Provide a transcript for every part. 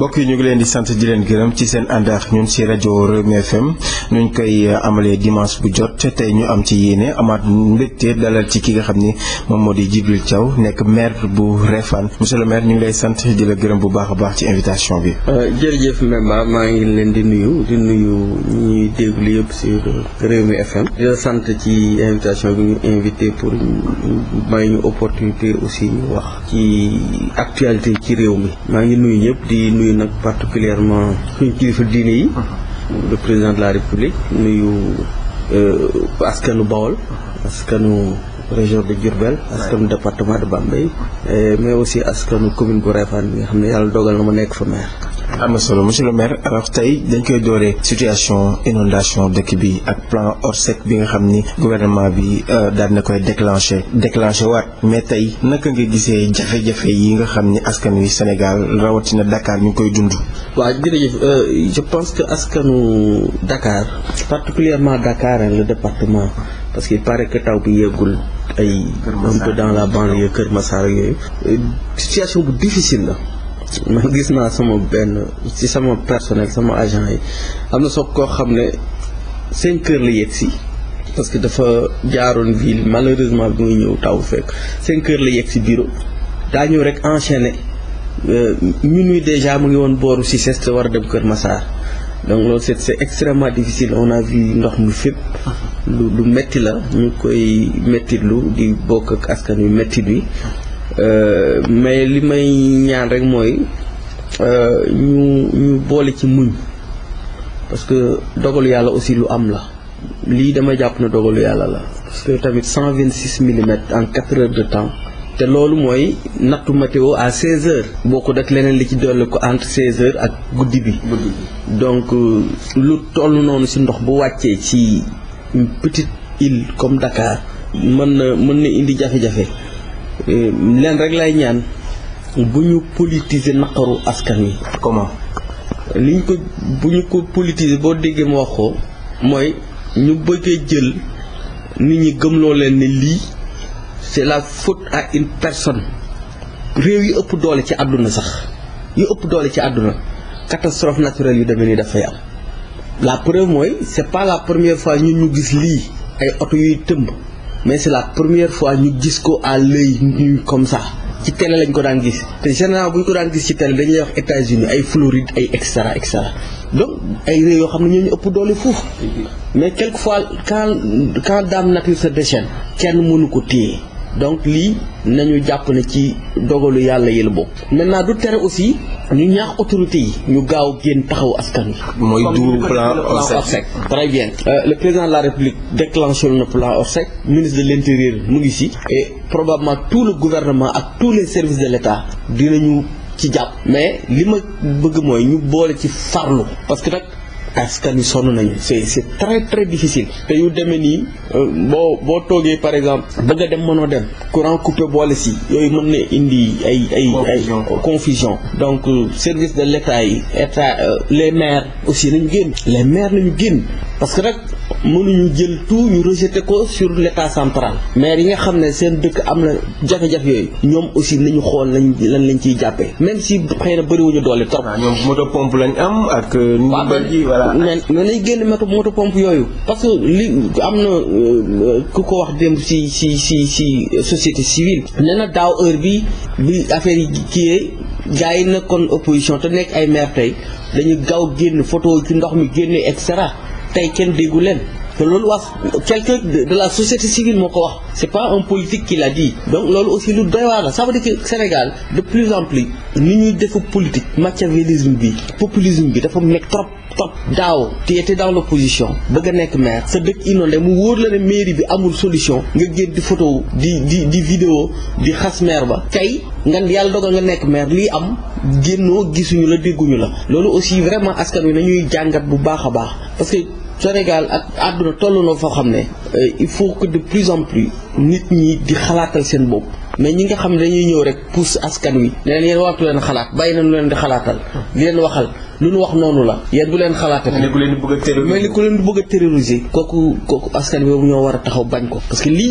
mbokk yi ñu ngi leen di sant di leen gërëm ci seen ànd ak ñun ci rajo Rewmi FM nuñ koy eh, amalee dimanche bu jot tey ñu am ci yéene amaat mbégte dalal ci ki nga xam ni moom moo di Djibril Thiaw nekk maire bu Refane monsieur le maire ñu ngi lay sant di la gërëm bu baax a baax ci invitation bi. Euh, jërëjëf Mbemba maa ngi leen di nuyu di nuyu ñu ñuy déglu yëpp sur Rewmi FM di la sant ci invitation bi ñu invité pour may ñu opportunité aussi ñu wax ci actualité ci réew mi maa ngi nag particulièrement suñu kilifa diine yi uh-huh. le président de la république nuyu euh, askanu Bawol uh-huh. askanu région de Diourbel askanu département de Bambey mais aussi askanu commune bu Réfane bi nga xam ne yàlla dogal na ma nekk fa maire am na solo monsieur le maire alors tey dañ koy dooree situation inondation dëkk bi ak plan Orsec bi nga xam ni gouvernement bi euh, daal na koy déclenché déclenché waat mais tey naka nga gisee jafe-jafe yi nga xam ni askan wi Sénégal rawatina Dakar ñu ngi koy dund. waaw jërëjëf euh, je pense que askanu Dakar particulièrement Dakar le département parce que paraît que taw bi yeggul ay un dans la banlieue Kër Massar yooyu euh, situation bu difficile la. man gis naa sama benn ci sama personnel sama agent yi am na soog koo xam ne cinq kër la yegg si parce que dafa jaaroon ville malheureusement bi muy ñëw taw fekk cinq kër la yegg si bureau daa ñëw rek enchaîné euh, minuit déjà mu ngi woon booru si sest war a dem Kër Massar donc loolu seet c'est extrêmement difficile on a ndox mu fépp ah. lu lu metti la ñu koy metti lu di bokk ak askan wi metti bi Euh, mais li may ñaan rek mooy euh, ñu ñu boole ci muñ parce que dogalu yàlla aussi lu am la lii dama jàpp na dogalu yàlla la parce que tamit 126 millimètres en 4 heures de temps te loolu mooy nattu météo à 16 heures boo ko def leneen li ci dolli ko entre 16 heure ak guddi bi donc euh, lu toll noonu si ndox bu wàccee ci une petite comme Dakar mën na mën na indi jafe-jafe Eh, leen rek lay ñaan bu ñu politiser naqaru askan yi comment. ni ñu ko bu ñu ko politiser boo déggee ma wax ko mooy ñu bëggee jël nit ñi gëmloo leen ni lii c'est la faute à une personne réew yi ëpp doole ci àdduna sax yu ëpp doole ci àdduna catastrophe naturelle yu deme ni dafay am la preuve mooy c'est première fois ñun ñu gis lii ay oto yuy tëmb. mais c'est première fois ñu gis ko à l'œil comme sax ci télé lañ ko daan gis te général bu ñu ko daan gis ci télé dañuy wax États-Unis ay Floride ay et cetera et donc ay réew yoo xam ne ñoo ëpp doole foofu mais quelquefois quand quand Dame Nature sa déchaîne kenn mënu ko téye donc lii nañu jàpp ne ci dogalu yàlla yëla bokk maintenant du tere aussi ñu ñaax autorité yi ñu gaaw génn taxaw askan wi. mooy du plan ORSEC très bien euh, le président de la république déclenché na plan ORSEC ministre de l' intérieur mu ngi si et probablement tout le gouvernement ak tous les services de l' état ñu ci jàpp mais li ma bëgg mooy ñu boole ci farlu parce que nag askan wi sonn nañu c'est c'est très très difficile te yu demee nii euh, boo boo toogee par exemple bëgg a dem mënoo dem courant coupé boole si yooyu mën na indi ay ay ay confusion donc euh, service de l'état yi état euh, les maires aussi nañu génn les maires nañu génn parce que rek mënuñu jël tout ñu rejeté ko sur l' état central maire yi nga xam ne seen dëkk am na jafe-jafe yooyu ñoom aussi nañu xool lañ lan lañ ciy jàppee même si xëy na bëriwuñu doole trop. ñoom moto pompe lañ am ak. Euh, waaw mais mais nañ génn moto moto pompe yooyu parce que li am na euh, ku ko wax démb si si si si société civile nee na daaw heure bi bi affaire yi kii gars yi nekkoon opposition te nekk ay maire tey dañu gaaw génn photo ci ndox mi génne et cetera. tey kenn déggu leen te loolu wax quelqu'un de la société civile moo ko wax c'est pas un politique qui l'a dit donc loolu aussi lu doy waar la ça veut dire que Sénégal de plus en plus ni ñuy defu politique machiavélisme bi populisme bi dafa nekk trop trop daaw tu étais dans l'opposition bëgg a nekk maire sa dëkk inondé mu wóor la ne mairie bi amul solution nga génn di photo di di di vidéo di xas maire ba tey nga yàlla dogal nga nekk maire lii am génnoo gisuñu la dégguñu la loolu aussi vraiment askan wi nañuy jàngat bu baax a baax Sénégal ak àdduna toll na foo xam ne euh, il faut que de plus en plus nit ñi di xalaatal seen bopp mais ñi nga xam ne dañuy ñëw rek pousse askan wi ne leen waxtu leen xalaat bàyyi nañu leen di xalaatal di leen waxal lu nu wax noonu la yéen bu leen xalaatati la ni ku leen bëgg a terroriser kooku kooku askan boobu ñoo war a taxaw bañ ko parce que li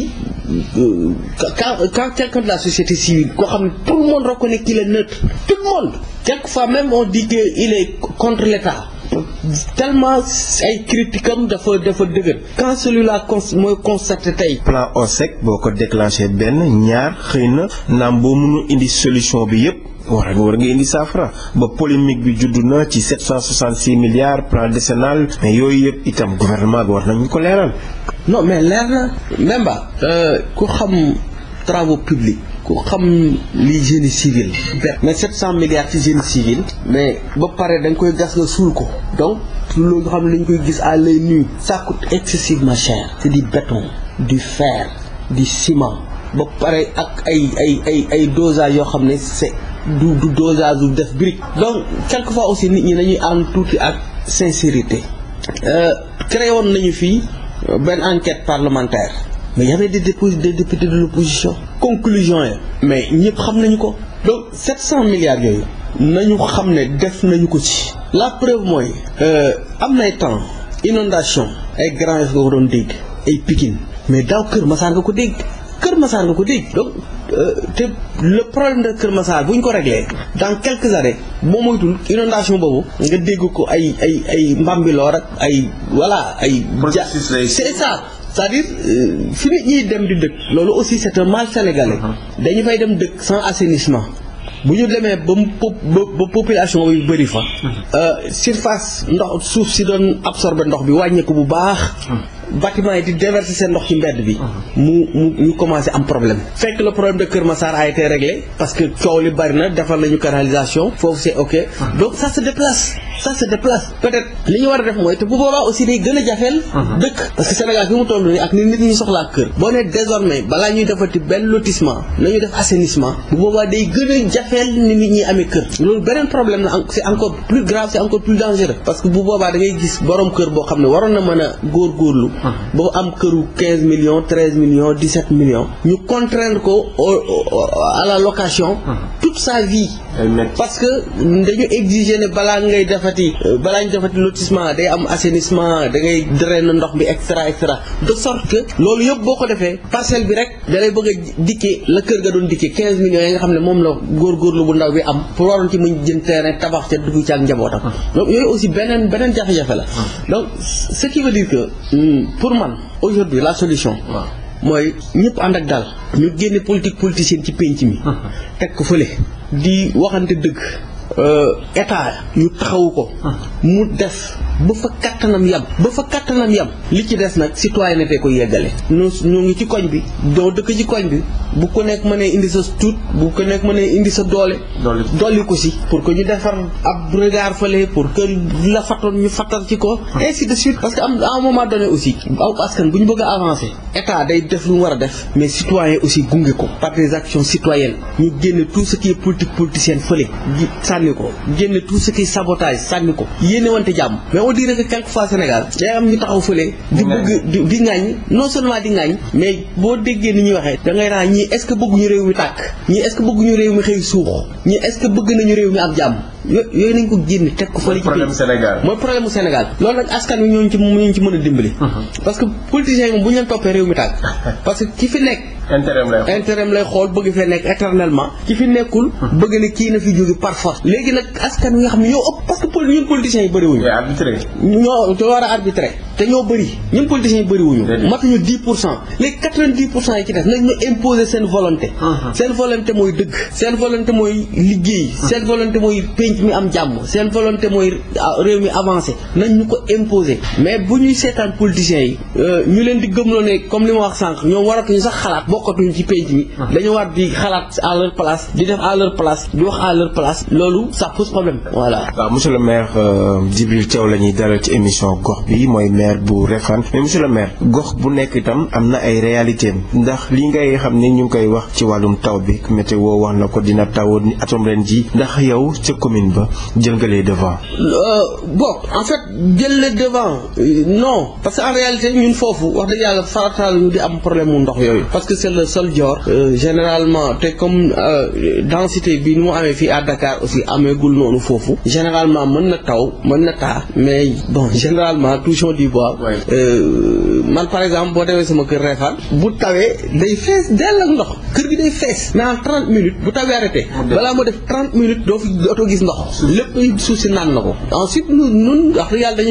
quand euh, quand quelqu'un de la société civile koo xam ne tout le monde reconnaît qu'il est neutre tout le monde quelquefois même on dit que il est tellement ay critique am dafa dafa dëgër quand celui-là cons mooy constaté tey. plan sec boo ko déclenché benn ñaar xëy na naam boo mënu indi solution bi yëpp. war a war nga indi saafara ba polémique bi juddu na ci 766 milliards plan décennal mais yooyu yëpp itam gouvernement bi war nañu ko leeral. non mais leer na même ba euh, ku xam travaux publics. ku xam li génie civil mais 700 milliards ci génie civil mais ba pare dañ koy gas nga suul ko donc loolu nga xam ne dañ koy gis à l'œil nu ça coûte excessivement di c'est du béton di fer du ciment ba pare ak ay ay ay ay dosage yoo xam ne c'est du du dosage du def brique donc quelquefois aussi nit ñi nañuy am tuuti ak sincérité euh, créé woon nañu fii benn enquête parlementaire mais y de des dépos des députés de l'opposition conclusion yi mais ñëpp xam nañu ko donc 700 milliards yooyu nañu xam ne def nañu ko ci la preuve mooy euh, am nay temps inondation ay Grand Yoff nga ko doon dégg ay Pikine mais daaw Kër Massar nga ko dégg Kër Massar nga ko dégg donc euh, te le problème de Kër Massar bu ñu ko réglé dans quelques années boo moytul inondation boobu nga dégg ko ay ay ay Mbambilor rek ay voilà ay c'est ça c'est-à-dire euh, fi nit ñiy dem di dëkk loolu aussi c'est un mal sénégalais uh-huh. dañu fay dem dëkk sans assainissement bu ñu demee ba ba population bi bëri fa uh-huh. euh, surface ndox suuf si doon absorber ndox bi wàññeeku bu baax uh-huh. bâtiment yi di déverser seen ndox ci mbedd bi. mu mu ñu commencé am problème. fekk la problème de Kër Massar a été réglé parce que coow li bari na defar nañu canalisation foofu c'est ok. donc ça se déplace ça se déplace peut li ñu war a def mooy te bu boobaa aussi day gën a jafeel. dëkk parce que Sénégal fi mu toll nii ak ni nit ñi soxlaa kër. boo nee désormais balaa ñuy defati benn lotissement nañu def assainissement bu boobaa day gën a jafeel ni nit ñi amee kër. loolu beneen problème la c'est encore plus grave c'est encore parce que bu boobaa da ngay gis borom kër boo xam ne waroon na mën a góorgóorlu boo am këru million millions million millions 17 millions ñu contraindre ko à la location ah. sa vie parce que dañu exige ne balaa ngay defati balaa ñu defati lotissement day am assainissement da ngay drainer ndox bi et cetera de sorte que loolu yëpp boo ko defee parcelle bi rek da lay bëgg a dikkee la kër ga doon dikkee 15 millions yi nga xam ne moom la góorgóorlu bu ndaw bi am pour waroon ci mën jën terrain tabax ca dugg ci ak njabootam ah. donc yooyu aussi beneen beneen jafe la ah. pour man aujourd'hui la solution. mooy ñëpp ànd ak daal. ñu génne politique politicienne ci pénc mi. teg ko fële. di waxante dëgg. Euh, état ñu taxawu ko ah. mu def ba fa kattanam yem ba fa kattanam yem li ci des nag citoyenneté ko yeggale ñoo ñoo ngi ci koñ bi doo dëkk ci koñ bi bu ko nekk ma mënee indi sa tuut bu ko nekk mënee indi sa doole dolli ko si pour que ñu defar ab regard fale pour que la fatoon ñu fatar ci ko ah. ainsi de suite parce que am à un moment donné aussi aw askan bu ñu bëgg a avancer day def lu mu war a def mais citoyen aussi gunge ko par des actions ñu génn tout ce qui est sànni ko génne tout ce qui sabotage sànni ko yéene wante jàmm mais on dirait que quelquefois Sénégal day ñu taxaw fële di bëgg di ŋaañ non seulement di ŋaañ mais boo déggee ni ñuy waxee da ngay naa ñii est-ce que bëgguñu réew mi tàkk ñii est-ce que réew mi xëy suux ñii est bëgg nañu réew mi am jàmm yooyu nañ ko génn teg ko fële ci problème Sénégal mooy problème Sénégal loolu nag askan wi ñooñu ci ñooñu ci mën a dimbali mhm. parce que politiciens yi moom bu ñu leen toppee réew mi tàgg parce que ki fi nekk intérêt lay xool bëgg fee nekk éternellement ki fi nekkul mhm. bëgg ne kii na fi jóge par léegi nag askan wi nga xam ne ñoo ëpp parce que ñun politiciens yi bëriwuñu ñoo war a te ñoo bëri ñun politiciens yi bëri wuñu matuñu 10 pour cent léegi 90 pour cent yi ci des nañ ñu imposer seen volonté uh-huh. seen volonté mooy dëgg seen volonté mooy liggéey uh-huh. seen volonté mooy pénc mi am jàmm seen volonté mooy ah, réew mi avancé nañ ñu ko imposer mais bu ñuy seetaan politiciens yi euh, ñu leen di gëm gëmloo ne comme li ma wax sànq ñoom waratuñu sax xalaat bokkatuñu ci pénc mi uh-huh. dañu war di xalaat à leur place di def à leur place di wax à leur place loolu sax pose problème voilà waaw monsieur le maire euh, la ñuy dalal ci émission maire bu Refane gox bu nekk itam am na ay réalité ndax li ngay xam ne ñu ngi koy wax ci wàllum taw bi météo wax na ko dina taw atom ren ji ndax yow ca commune ba jël nga les euh, en fait jël les devant euh, non parce que en réalité ñun foofu wax dëgg yàlla farataal ñu di am problème mu ndox yooyu parce que c'est le sol joor euh, généralement te comme densité bi nu mu amee fii à Dakar aussi ameegul noonu foofu généralement mën na taw mën na taa mais généralement toujours du bon waaw euh, man par exemple boo demee sama kër reefaan bu tawee day fees dell ak ndox kër gi day fees naan 30 minutes bu tawee def 30 minutes doo fi oto gis ndox lépp suuf si naan na ko ensuite ñun ñun wax dëgg yàlla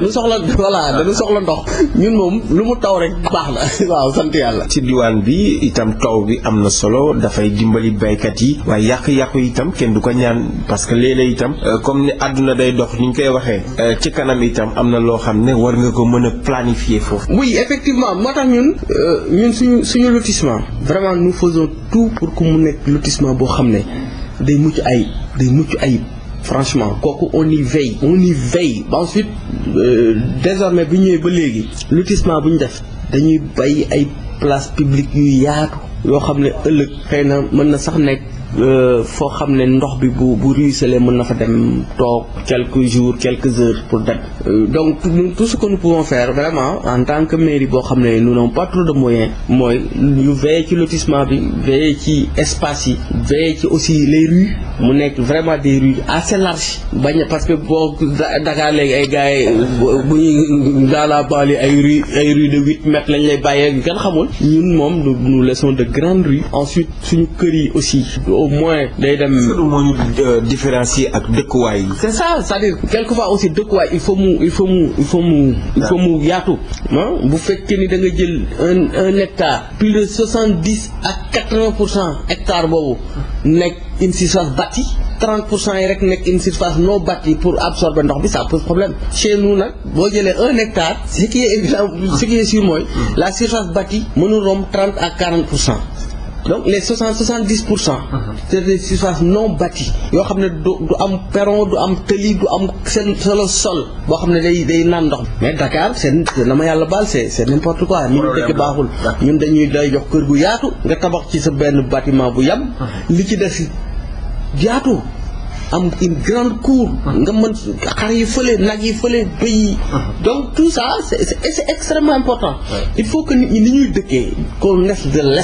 mm. soxla voilà dañu soxla ndox ñun moom lu mu taw rek baax na waaw sant yàlla ci diwaan bi itam tow bi am na solo dafay dimbali baykat yi waaye yàq-yàqu itam kenn du ko ñaan parce que léeg-léeg itam euh, comme ni àdduna day dox ni ñu koy waxee euh, ci kanam itam am na loo xam ne war nga ko mën a planifier foofu oui effectivement moo tax ñun euh, ñun suñu suñu lotissement vraiment nous faisons tout pour que mu nekk lotissement boo xam ne day mucc ay day mucc ayib franchement kooku on y veille on y veille ba ensuite euh, désormais bi ñëwee ba léegi lotissement bu ñu def dañuy bàyyi ay place publique yu yaatu yoo xam ne ëllëg xëy na mën na sax nekk Euh, foo xam ne ndox bi bu bu ruisselé mën na fa dem toog quelques jours quelques heures pour dem. Euh, donc tout ce que nous pouvons faire vraiment en tant que mairie boo xam ne nous n'avons pas trop de moyens mooy yu veiller ci lotissement bi veiller ci espace yi veiller ci aussi les rues mu nekk vraiment des rues assez larges bañ parce que boo Dakar léegi ay gars yi bu ñuy dans la banlieue ay rues ay de huit mètres lañ lay bàyyee yu kenn xamul ñun moom nous laissons de grandes rues ensuite suñu yi aussi. au moins day dem. est-ce que moo euh, ak dëkkuwaay yi. c'est ça c'est-à-dire quelquefois aussi dëkkuwaay il faut mu il faut mu il faut mu. yaatu. bu fekkee ni da nga jël un un hectare. plus de soixante dix ak quatre vingt pour cent hectare boobu nekk une surface bâtie. 30 pour cent yi rek nekk une surface non bâtie pour absorber ndox bi ça pose problème chez nous nag boo mooy hmm. la surface bâtie mënul romb 30 à 40 pour cent donc les soixante soixante dix pour cent. c'est des surfaces non bâties yoo xam ne du du am perron du am tëli du am seen solo sol boo xam ne day day naan ndox mais Dakar seen na ma yàlla baal c'est c'est n'importe quoi. ñun dëkk baaxul ñun dañuy day jox kër gu yaatu nga tabax ci sa benn batiment bu yam li ci des yaatu. am une grande cour. nga mën xar yi fële nag yi fële bëy yi. donc tout ça c' est important. il faut que nit ñi ni ñuy dëkkee. qu'on laisse de l'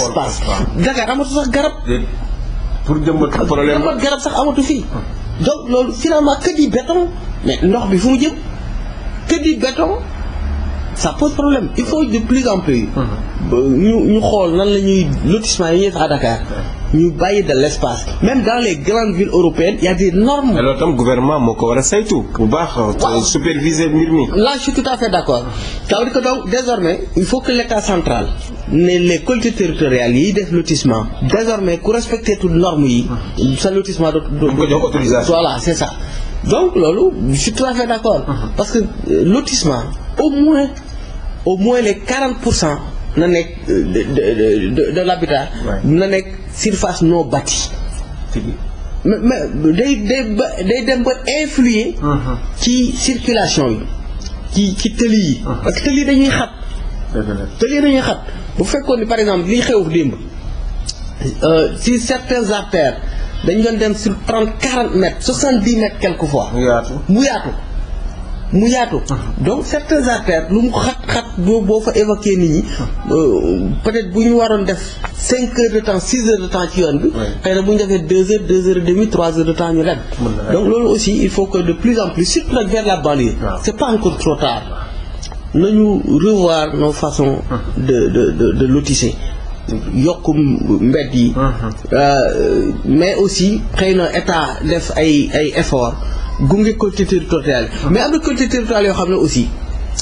Dakar amatu sax garab. pour jëmbat problème garab sax amatu fii. donc loolu finalement que di béton ndox bi fu mu jëm que di béton ça pose problème il faut de plus en ñu xool nan la ñuy lotissement yi Dakar. ñu bàyyi de l' espace dans les grandes villes européennes y a des normes. alors tam gouvernement moo ko war a saytu. bu baax euh, superviser mbir là je tout à fait d' accord ça veut donc désormais il faut que l' central ne les collectivités territoriales yiy def lotissement désormais ku respecté tout normes yi. sa lotissement do do ko ça. donc loolu je tout à fait d' uh-huh. parce que euh, lotissement au moins au moins les pour cent. na nekk euh, de de de de l'habitat na nekk surface non bâtie. mais day day ba day dem ba influer. Mm-hmm. ci circulation yi ci ci tëli yi. Mm-hmm. parce que tëli dañuy xat. tëli dañuy xat bu fekkoon ni par exemple liy xew démb si euh, certains artères dañ doon dem sur trente quarante mètres soixante dix mètres quelquefois. mu mu yaatu. mu yaatu donc certains artères lu mu xat xat boo boo fa évacuer nit ñi euh, peut-être bu ñu waroon def cinq heures de temps six heures de temps ci yoon bi xëy na bu ñu defee deux heures deux heures et de temps ñu leb donc loolu aussi il faut que de plus en plus surtout nag vers la banlieue c'est pas encore trop tard nañu revoir nos façons de de de, de lotisser yokk mbedd yi euh, mais aussi xëy na état def ay ay effort gunge collectivités territoriales ah. mais am na collectivités territoriales yoo xam ne aussi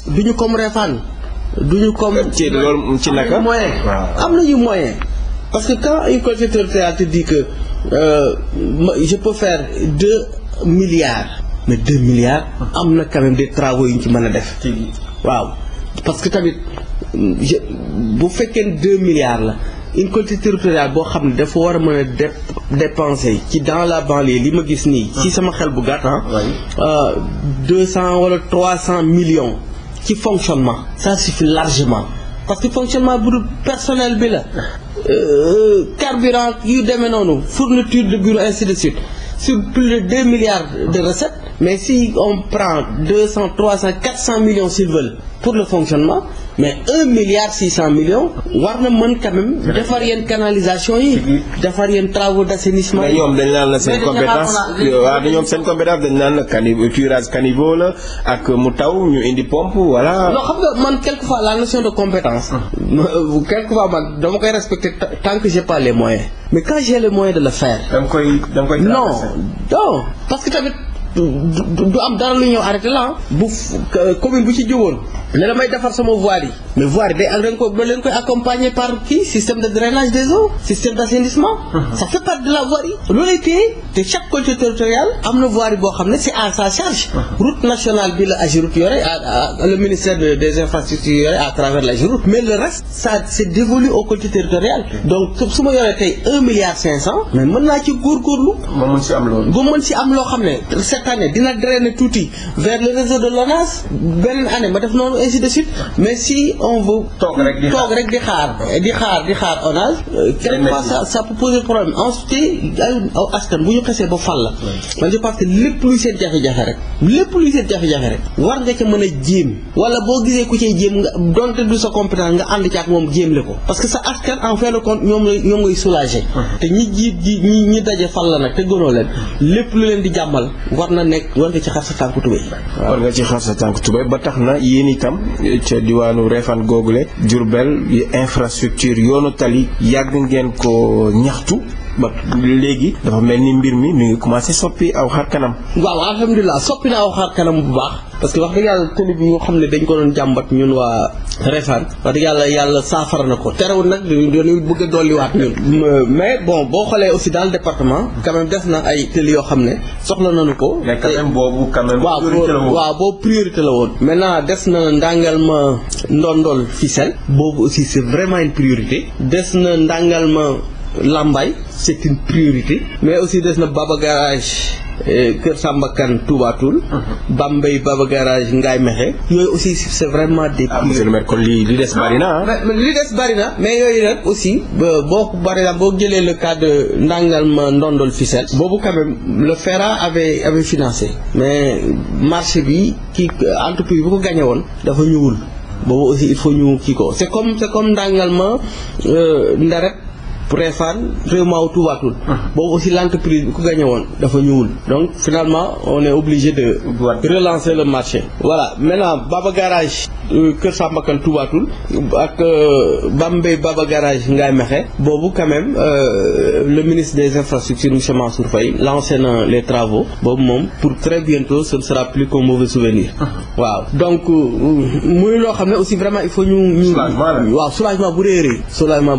du ñu comme Réfane du ñu comme. ci loolu ci naka moyen am na ñu moyen parce que quand une collectivité territoriale te dit que euh, je peux faire deux milliards mais deux milliards ah. am na quand de des travaux yu ñu ci mën a def waaw parce que tamit bu fekkee deux milliards la une collectivité territoriale boo xam ne dafa war a mën a def dépensé ci dans la banlieue li ma gis nii. ci ah. sama xel bu gàtt ah. Euh, deux cent wala trois cent millions ci fonctionnement. ça suffit largement parce que fonctionnement bu du personnel bi la. Euh, carburant yu demee noonu fourniture de bureau ainsi de suite sur plus de deux milliards de recettes. mais si on prend deux cent trois cent quatre cent millions s'ils veulent pour le fonctionnement. mais un milliard six cent millions war na mën quand même defar yenn canalisation yi defar yenn travaux d'assainissement yi. mais ñoom dañ naan la seen compétence waaw ñoom seen compétence dañ naan la cani curage caniveau la ak mu taw ñu indi pomp voilà. non xam nga man quelquefois la notion de compétence ah. quelquefois man dama koy respecter tant que j'ai pas les moyens mais quand j'ai les moyens de le faire. da nga koy da nga koy non non parce que tamit. du am dara lu ñëw arrêté la bu commune bu ci jógoon ne damay defar sama voirie yi mais voirie day ak da ko ba leen koy accompagner par kii système de drainage des eaux système d' assainissement uh-huh. ça fait partie de la voirie loolu lay te chaque collectivité territoriale am na voirie boo xam ne c' est à sa charge uh-huh. route nationale bi la AGEROUTE yore le ministère des infrastructures yore à travers l'AGEROUTE mais le reste ça c' est dévolu aux collectivités territoriales uh-huh. donc su ma yoree tey un milliard cinq année dina drainer tuuti vers le réseau de l'ONAS beneen année ma def noonu ainsi suite mais si on veut. toog rek di xaar rek di xaar di xaar di xaar ONAS. quelquefois euh, ça ça peut poser problème ensuite ay aw askan bu la. man je pense que lépp luy seen jafe-jafe rek lépp luy seen rek war nga ca mën a jéem wala boo gisee ku cee jéem nga donte du sa compétence nga ànd ci ak moom jéem le ko parce que sa askan en fin de compte ñoom la ñoom ngay soulager. te ñi jiit ñi ñi daje fal la nag te gënoo leen lépp lu leen di jàmmal war na nekk war nga ci xar sa tànku tubéy war nga ci xar sa tànku tubéy ba tax na yéen itam ca diwaanu Refane googule Diourbel infrastructure yoonu tali yàgg ngeen ko ñaxtu ba léegi dafa mel ni mbir mi mi ngi commencé soppi aw xar kanam. waaw alhamdulilah soppi na aw xar bu baax. parce que wax dëgg yàlla télé bi nga xam ne dañ ko doon jàmbat ñun waa Refane wax dëgg yàlla yàlla saafara na ko terewul nag dañuy bëgg a waat ñun. mais bon boo xoolee aussi dans le département. quand même def na ay télé yoo xam ne soxla nañu ko. mais quand même boobu quand même. priorité la woon waaw boobu priorité la woon. maintenant des na ndàngal ma ndondol ficelle. boobu aussi c'est vraiment une priorité. des na ndàngal Lambaye c' est une priorité. mais aussi des na Baba Garage Kër Samba Kane Touba Toul. Uh-huh. Bambey Baba Garage Ngaye Mexe. yooyu aussi c' est vraiment des. ah monsieur le maire li des bari na ah. na mais yooyu nag aussi boo bari boo jëlee le cas de Ndangal ma Ndondol Fissel. boobu quand même le FERA avait avait financé. mais marché bi kii entreprise bu ko gagné woon dafa ñëwul. boobu aussi il faut ñu kii ko c' comme c' est comme Ndangal ma euh, Ndarep. Réfane vraiment wu Toubatoul. Ah. boobu aussi l' entreprise bi ku gagné woon dafa ñëwul. donc finalement on est obligé de. relancer le marché. voilà maintenant Baba Garage. Euh, Kër Samba Kane Toubatoul ak euh, Bambey Baba Garage Ngaye Mekhe boobu quand même euh, le ministre des infrastructures monsieur Mansour Faye lancé na les travaux boobu moom pour très bientôt ce ne sera plus qu'un mauvais souvenir. Ah. waaw donc muy loo xam ne aussi vraiment il faut ñu. ñu waaw soulagement bu rëy rëy. soulagement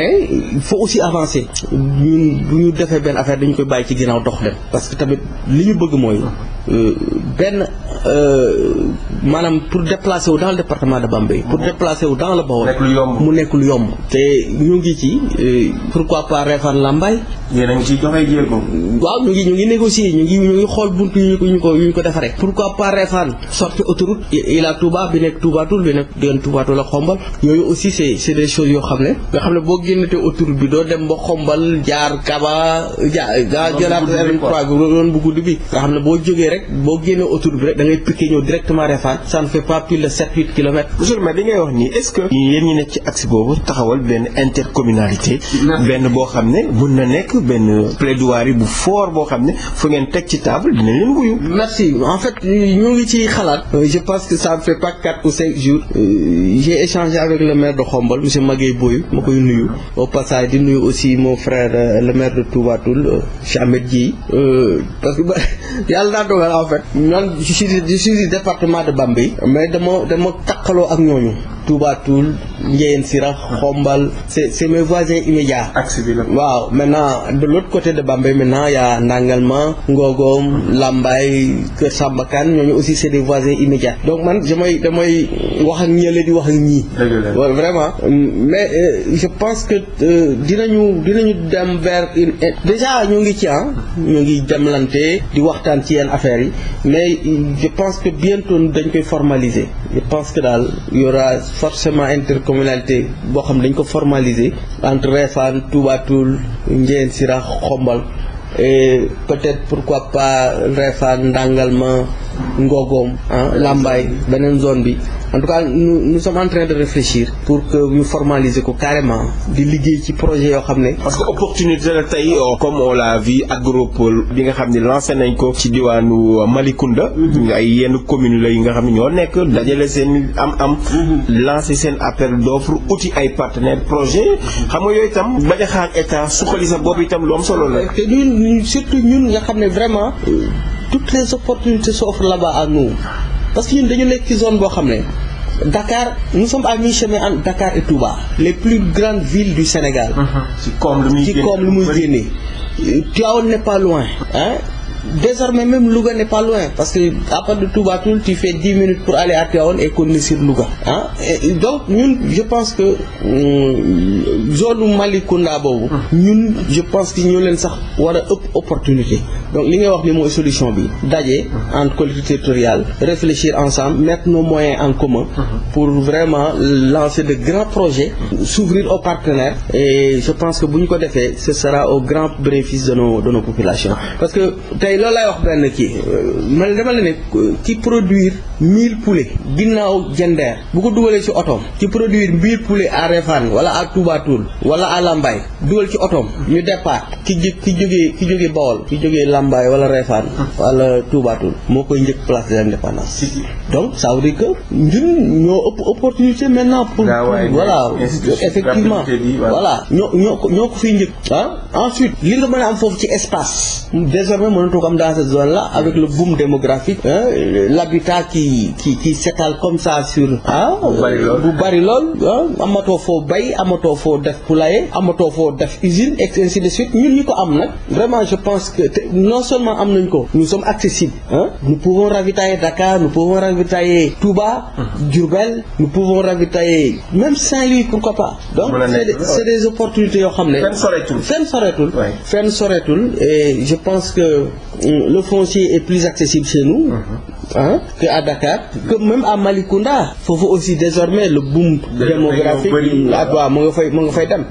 mais il faut aussi avancer ñun bu ñu defee benn affaire dañu koy bàyyi ci ginnaaw dox dem parce que tamit li ñu bëgg mooy benn euh, maanaam pour déplacer wu dans le département de Bambey pour mhm. déplacer wu dans le Bawol mu nekk lu yomb te ñu ngi ci euh, pourquoi pas Réfane Lambaye yéen a ngi ciy joxe waaw ñu ngi ñu ngi négocier ñu ngi ñu xool buntu yu ñu ko yu ñu ko defaree pourquoi pas Réfane sorti autoroute Ila Touba bi nekk Touba Toul bi nekk diggante Touba Toul la Xombal yooyu aussi c'est c'est des choses yoo xam ne nga xam ne boo génnatee autoroute bi doo dem ba Xombal jaar Kaba jaar jëlaat R3 bi loolu bu guddi bi nga xam ne boo jógee rek rek boo génnee autoroute bi rek da ngay piqué directement Réfane ça ne fait pas plus de sept huit kilomètres. monsieur li ngay wax nii est-ce que. yéen ñi nekk ci axe boobu taxawal benn intercommunalité. benn boo xam ne mun na nekk benn plaidoirie bu fort boo xam ne fu ngeen teg ci table dina leen wuyu. merci en fait ñu ngi ci xalaat. Euh, je pense que ça ne fait pas quatre ou cinq jours. Euh, j'ai échangé avec le maire de Khombol monsieur Maguette Boye ma koy nuyu. au passage di nuyu aussi mon frère euh, le maire de Touba Toul Chamed personnel en fait. ñoom je département de Bambey. mais dama dama takkaloo ak ñooñu. Touba Toul Ndiéyène Sirax Xombal c'est c'est mes voisins immédiats. waaw maintenant de l'autre côté de Bambey maintenant y a Ndangalma Ngogom Lambaye Kër Samba Kane ñooñu aussi c'est des voisins immédiats donc man damay damay wax ak ñële di wax ak ñii. vraiment mais euh, je pense que euh, dinañu dinañu dem vers une eh, déjà ñu ngi ci ah ñu ngi demlante di waxtaan ci yenn affaires yi mais je pense que bientôt dañ koy formaliser je pense que daal y forcément intercommunalité boo xam dañ ko formaliser entre Réfane Touba Toul Ndiéyène Sirakh Xombol et peut-être pourquoi pas Réfane Ndangalma Ngogom ah Lambaye beneen zone bi en tout cas en train de réfléchir pour que ñu formaliser ko carrément di liggéey ci projet yoo xam ne. parce que opportunité la tey oh, comme on l'a vu agropole bi nga xam ni lancé nañ ko ci diwaanu Malicounda. Mhm. ay yenn communes la yi nga xam ne ñoo nekk dajale seen am-am. Mhm. lancer seen appel d'offre outil ay partenaires projet mhm. xam nga yooyu itam bañ a xaar état suqali sa bopp itam lu am solo la. te ñun surtout ñun nga xam ne vraiment. toutes les opportunités s'offrent la bas à nous parce que ñun dañu nekk ci zone boo xam ne Dakar nous sommes à mi-chemin entre Dakar et les plus grandes villes du Sénégal. Uh-huh. ci koom lu muy génne ci koom loin ah. désormais même Louga n'est pas loin parce que à part de Toubatoul tu fais 10 minutes pour aller à Tivaouane et continuer sur Louga donc ñun je pense que euh, zone Malicounda boobu ñun je pense que ñoo leen sax war a opportunité donc li ngay wax ni mooy solution bi daje entre collectivité territoriale réfléchir ensemble mettre nos moyens en commun pour vraiment lancer de grands projets s'ouvrir aux partenaire et je pense que bu ñu ko defee ce sera au grand bénéfice de nos de tey loolu lay wax benn kii man dama la ne ci produire mille poulet ginnaaw jendeer bu ko dugalee ci otoom ci produire mille poulet à Réfane wala a Touba Toul a à Lambaye dugal ci otoom ñu départ ki jë ki jógee ki jógee Bawol ki jógee Lambaye wala Réfane wala Touba moo koy njëkk place de l'indépendance donc ça veut que ñun ñoo ëpp opportunité maintenant pour voilà effectivement voilà ñoo ñoo ñoo ko fiy njëkk ah, ensuite li nga mën a am foofu ci espace désormais nous sommes dans cette zone-là, avec le boom démographique, hein, l'habitat qui, qui, qui comme ça sur bu bari lool euh, amato fo bay amatoo fo def poulailler amatoo fo def usine et ainsi de suite ñun ñu ko am nag vraiment je pense que non seulement am nañ ko nous sommes accessibles ah nous pouvons ravitailler Dakar nous pouvons ravitailler Touba Diourbel nous pouvons ravitailler même Saint-Louis pourquoi pas donc c'est des opportunités yoo xam ne fenn soreetul fenn soreetul et je pense que le foncier est plus accessible chez nous. Uh-huh. hein, que à Dakar que même à Malicounda foofu aussi désormais le boom démographique ak waaw mu nga fay mu nga fay dem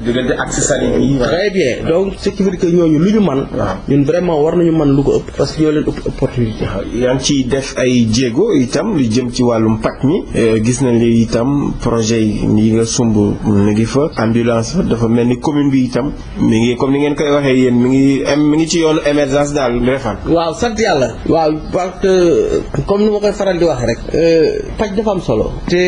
très bien donc ce qui veut dire que ñooñu lu ñu man ah. ñun vraiment war nañu man lu ko ëpp parce que ñoo leen ëpp opportunité ah, yaa ngi ciy def ay jéego itam lu jëm ci wàllum paj mi eh, gis nañ li itam projet yi nga sumb mu ngi fa ambulance fa dafa mel ni commune bi itam mi ngi comme ni ngeen koy waxee yéen mi ngi mi ngi ci yoonu émergence daal Ndefane waaw comme ni ma koy faral di wax rek euh, paj dafa am solo te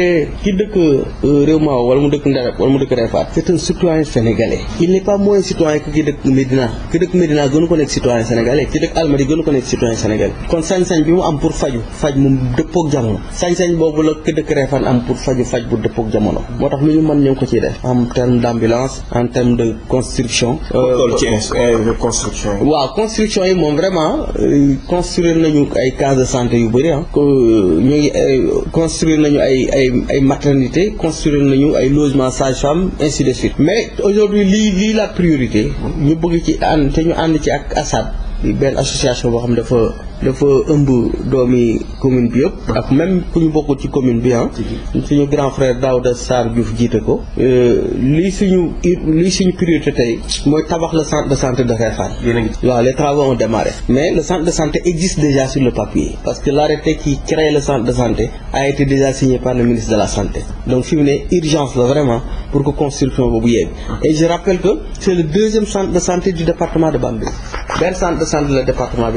ki dëkk euh, réew maaw wala mu dëkk Ndarab wala mu dëkk Refaat c'est un citoyen sénégalais il n'est pas moins citoyen que ki dëkk Médina ki dëkk Médina gënu ko nekk citoyen sénégalais ki dëkk Almadi gënu ko nekk citoyen sénégalais kon sañ-sañ bi mu am pour faju faj mu dëppook jamono sañ-sañ boobu la ki dëkk Refaat am pour faju faj bu dëppook jamono moo tax lu ñu mën ñu ko ciy def en terme d'ambulance en terme euh, euh, de construction waaw construire nañu ay ay ay maternité construire nañu ay logement sage-femme ainsi de suite mais aujourd'hui lii lii la priorité ñu bëgg ci ànd te ñu ànd ci ak ASAD benn association boo xam dafa dafa ëmb doomi commune bi yëpp ak même ku ñu bokkul ci commune bi ah suñu grand frère Daouda Sarr Diouf jiite ko lii euh, su lii suñu tey mooy tabax le centre de santé de Réfane waaw les travaux ont démarré mais le centre de santé existe déjà sur le papier parce que la l'arrêté ki crée le centre de santé a été déjà signé par le ministre de la santé donc fi mu ne urgence la vraiment pour que construction boobu yegg ah. et je rappelle que c'est le deuxième centre de santé du bi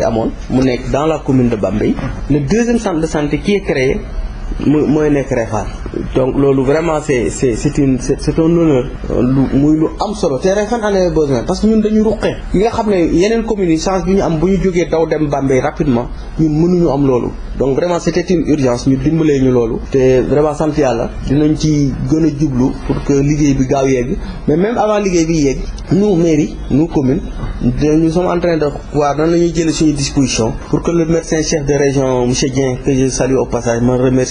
amoon mu nekk dans la commune de Bambey. Le deuxième de santé qui mu mooy nekk refaar donc loolu vraiment c'est c'est c'est une c'est un honneur lu muy lu am solo te Refane en avait besoin parce que ñun dañu ruqee yi nga xam ne yeneen communes yi bi ñu am bu ñu jógee daw dem Bambey rapidement ñun mënuñu am loolu donc vraiment c'était une urgence ñu dimbalee ñu loolu te vraiment sant yàlla dinañ ci gën a jublu pour que liggéey bi gaaw yegg mais même avant liggéey bi yegg nous mairie nous commune nous sommes en de voir nan ñuy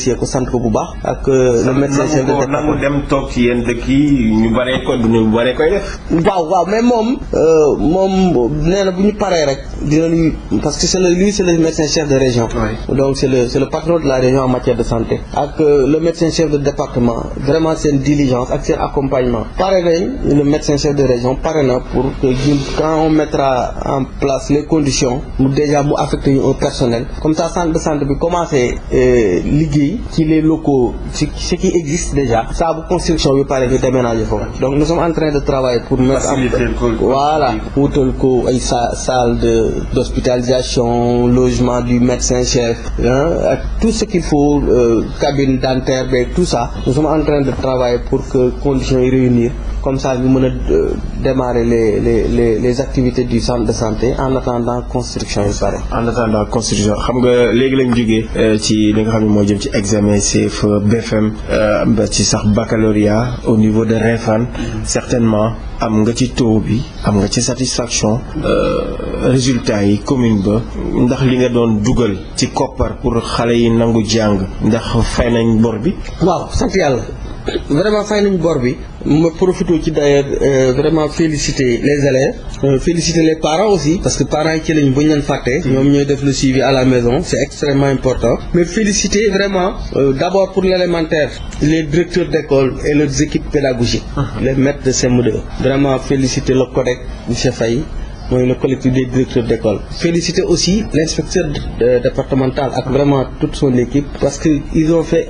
remercier ko sant ko bu ak euh, le médecin chef de département dem toog ci yéen dëkk yi ñu baree ko ñu baree koy def moom euh, moom nee na bu ñu paree rek dinañu parce que c'est le lui c'est le médecin chef de région donc c'est le c'est le patron de la région en matière de santé ak euh, le médecin chef de département vraiment seen diligence ak seen accompagnement pare nañ le médecin chef de région pare na pour que ñun quand on mettra en place les conditions mu déjà mu affecté ñu un personnel comme ça fii ci les locaux ci ce qui existe déjà saa bu construction bi pare ñu déménager foofu donc nous sommes en train de travailler pour mettre am voilà wutal ko ay sa salle de d'hospitalisation logement du médecin chef ak tout ce qu'il faut euh, cabine dentaire tout ça nous sommes en train de travailler pour que conditions yi réunir comme ça ñu mën a euh, démarrer les les les les activités du centre de santé en attendant construction yu pare. en attendant construction xam nga léegi lañ jógee euh, ci li nga xam ne moo jëm ci examen CFEE BFM e euh, ba ci sax baccalauréat au niveau de Réfane certainement am nga ci taux bi am nga ci satisfaction résultat yi commune ba ndax li nga doon dugal ci koppar pour xale yi nangu jàng ndax fay nañ bor bi. waaw sant yàlla. vraiment fay nañ bor bi ma profité ci d'ailleurs euh, vraiment féliciter les élèves euh, féliciter les parents aussi parce que parent yi ci lañ bu ñu leen ñoom ñooy def le suivi à la maison c'est extrêmement important mais féliciter vraiment euh, d'abord pour l'élémentaire les directeurs d'école et leurs équipes pédagogiques ah. les maîtres de CM2 vraiment féliciter le CODEC monsieur Faye mooy le collectif des directeurs d'école féliciter aussi l'inspecteur départemental ak vraiment toute son équipe parce que ils ont fait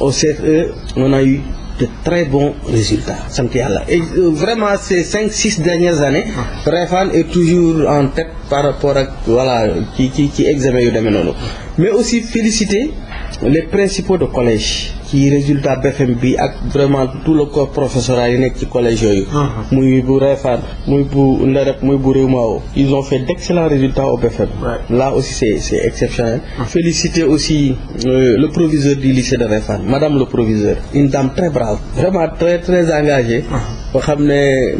au CFE on a eu de très bons résultats sant yàlla et euh, vraiment ces cinq six dernières années ah. Réfane est toujours en tête par rapport ak voilà ci ci ci examen yu demee noonu mais aussi féliciter les principaux de collège ci résultat BFM bi ak vraiment tout le corps professoral yi nekk ci collège yooyu. Ah. muy bu Réfane muy bu Ndarep muy bu Réumao ils ont fait d'excellents résultats au BFM. là aussi c'est c'est exceptionnel. Ah. féliciter aussi euh, le proviseur du lycée de Réfane madame le proviseur une dame très brave vraiment très très engagée. Ah. boo xam ne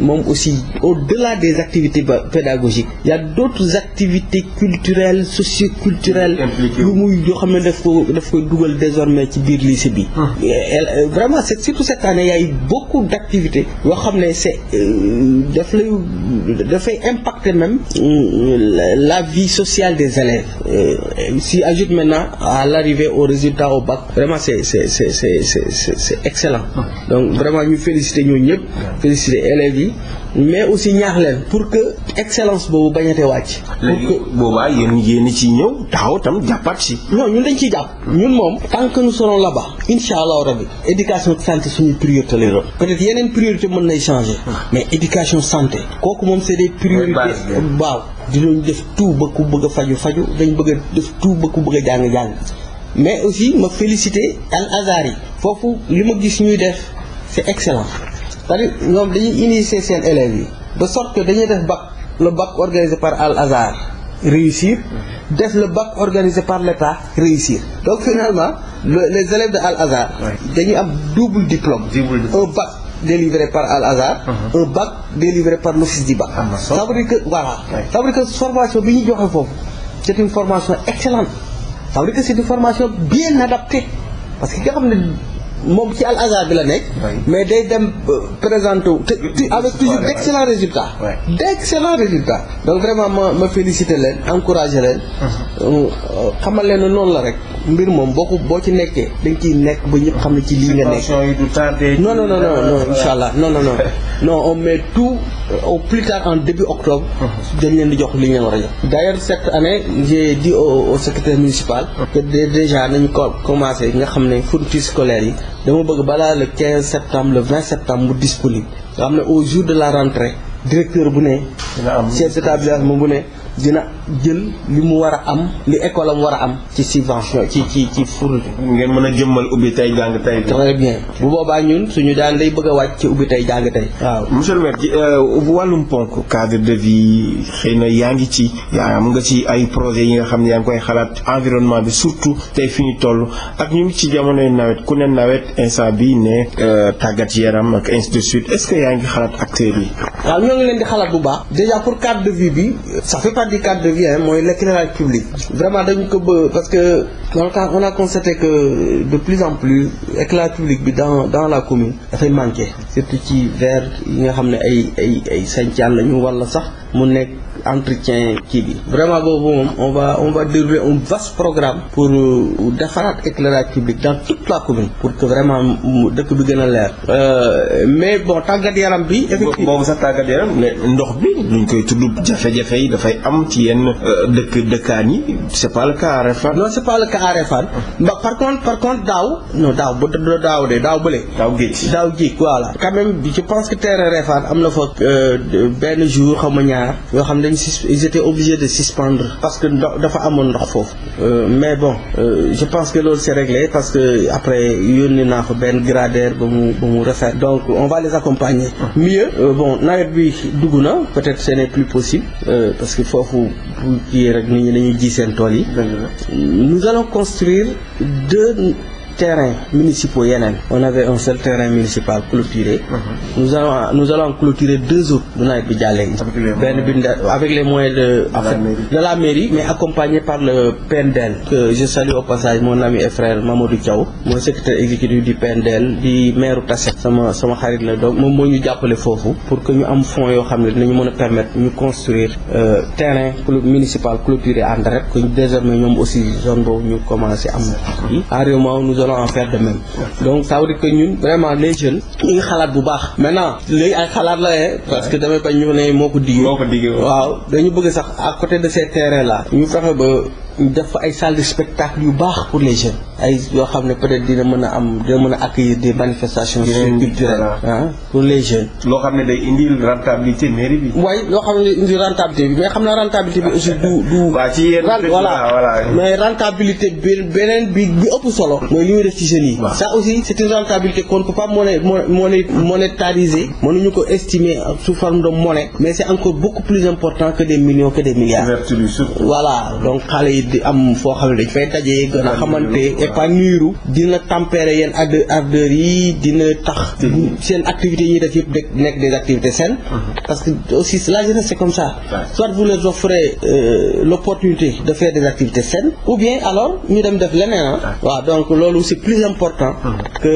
moom aussi au-delà des activités pédagogiques il y a d'autres activités culturelles socioculturelles. lu muy yoo xam ne daf ko daf koy dugal désormais ci biir lycée bi. Euh, euh, vraiment ce surtout cette année y a eu beaucoup d'activités yoo xam ne c'est euh, daf lay dafay impacter même la vie sociale des élèves si ajoute maintenant à l'arrivée au résultat au bac vraiment c'est c'est c'est c'est c'est excellent ah. donc vraiment ñu féliciter ñooñu ñëpp féliciter élèves yi mais aussi ñaax leen pour que excellence boobu bañate wàcc. pour que boobaa yéen yéen ci ñëw taxaw tam jàppaat si. non ñun dañ ci jàpp ñun moom tant que nous la ba bas incha allah rabi éducation santé suñu priorité lay doon peut-être yeneen priorité mën nay changer ah. mais éducation santé kooku moom c'est des priorités di dinañ def tout ba ku bëgg a faju faju dañ bëgg def tout ba ku bëgg a jàng jàng mais aussi ma félicité Al yi foofu li ma gis ñuy def si excellent c'est-à-dire ñoom dañuy initier seen élèves yi de sorte que dañuy def bac le bac organisé par al azhar réussir des le bac organisé par l' état réussir donc finalement le, les élèves de al azhar dañuy am double diplôme un bac délivré par al azhar uh -huh. un bac délivré par l'office du bac ça veut dire que voilà ça veut dire que formation bi ñuy joxe foofu c' une formation excellente ça veut formation bien adaptée parce que nga xam ne moom ci al azhar bi la nekk. mais day dem euh, présenter wu te avec toujours d' excellents résultats. oui vraiment ma ma féliciter leen encourager leen. Uh-huh. Euh, xamal leen ne noonu la rek mbir moom boo ko boo ci nekkee dañ ciy nekk ba ñëpp xam ne ci lii nga nekk. non non non non incha allah non non non non on met tout euh, au plus tard en début octobre. Uh-huh. dañ leen di jox li ñu leen war a jox. d' ailleurs cette année j'ai dit au au secrétaire municipal. Uh-huh. que déjà nañu ko commencé nga xam ne fournitures scolaires yi. dama bëgg balaa le 15 septembre le 20 septembre mu disponible nga xam ne au jour de la rentrée directeur bu ne chef d'établissement bu ne dina jël li mu war a am li école am war a am ci subvention ci ci ci fourniture. ngeen mën a jëmmal ubbi tey jàng tey. très bien bu boobaa ñun suñu daan day bëgg a wàcc ci ubbi tey jàng tey. waaw monsieur le maire ci euh, wàllum ponk cadre de vie xëy na yaa ngi ci yaa am nga ci ay projet yi nga xam ne yaa ngi koy xalaat environnement bi surtout tey fi ñu toll ak ñu ngi ci jamonoy nawet ku ne nawet instant bi ne euh, tàggat yaram ak ainsi de est-ce que yaa ngi xalaat acteurs yi. waaw ñoo ngi part du cadre de vie mooy l'éclairage public vraiment dañ ko parce que dans le cas on a constaté que de plus en plus éclairage public bi dans dans la commune dafay manqué surtout ci vers yi nga xam ne ay ay ay sañcaan la ñu walla sax mu nekk entretien kii bi vraiment boobu moom on va on va dérouler un vaste programme pour euh, defaraat éclairage public dans toute la commune pour que vraiment dëkk bi gën a leer euh, mais bon tàggat yaram bi effectivement boobu sax tàggat yaram ndox bi duñ koy tudd jafe-jafe yi dafay am ci yenn euh, dëkk dëkkaan yi c'est pas le cas à Réfane non c'est pas le cas à Réfane par contre par contre daaw non daaw ba de daaw bële daaw géej daaw géej voilà quand même je pense que terrain am na fa benn jour xaw yoo xam ne leen sus ils étaient obligés de suspendre parce que dafa amoon ndox foofu euh, mais bon euh, je pense que loolu c'est réglé parce que après yónni naa fa benn gradaire ba mu ba mu refaire donc on va les accompagner mieux euh, bon nawet bi dugg na peut-être ce n'est plus possible parce que foofu bu kii rek nit ñi dañuy ji seen tool yi nous allons construire deux terrains municipaux yeneen on avait un seul terrain municipal clôturé mhm. nous allons nous allons clôturer deux autres bu nawet bi jàllee benn bi avec les moyens de de la mairie mais accompagné par le PNDL que je salue au passage mon ami et frère Mamadou Thiaw mooy secrétaire exécutif du PNDL di maire Tasset sama sama xarit la donc moom moo ñu jàppale foofu pour que ñu am fonds yoo xam ne dinañu mën a permettre ñu construire euh, terrain municipal clôturé en direct que désormais ñoom aussi zone boobu ñu commencé am allons en faire de même donc ça veut dire que ñun vraiment les jeunes ñu ngi xalaat bu baax maintenant léegi ay xalaat la ee parce que damay bañ ñu ne moo ko diggee waaw dañu bëgg sax à côté de ces terrains là ñu fexe ba def fa ay salle de spectacle yu baax pour les jeunes ay yoo xam ne peut-être dina mën a am dina mën a accueillir des manifestations culturelles ah pour les jeunes loo xam ne day indi rentabilité mairie loo xam ne indi rentabilité bi xam naa rentabilité bi aussi du du waa ci yéen mais rentabilité bi beneen bi bi ëpp solo mooy li muy def ci jeunes yi ça aussi c'est une rentabilité qu'on ne peut pas moné moné monétariser mënuñu ko estimer sous forme de monnaie mais c'est encore beaucoup plus important que des millions nit di am foo xam ne dañ fay a xamante épanouiru yenn ad ardeur yi dina tax mhm. seen activités yi def yëpp de nekk des activités saines mhm. parce que aussi la jeunesse c'est comme ça soit vous leur offrez euh, l'opportunité de faire des activités saines ou bien alors ñu dem def leneen ah waaw donc loolu c'est plus important mhm. que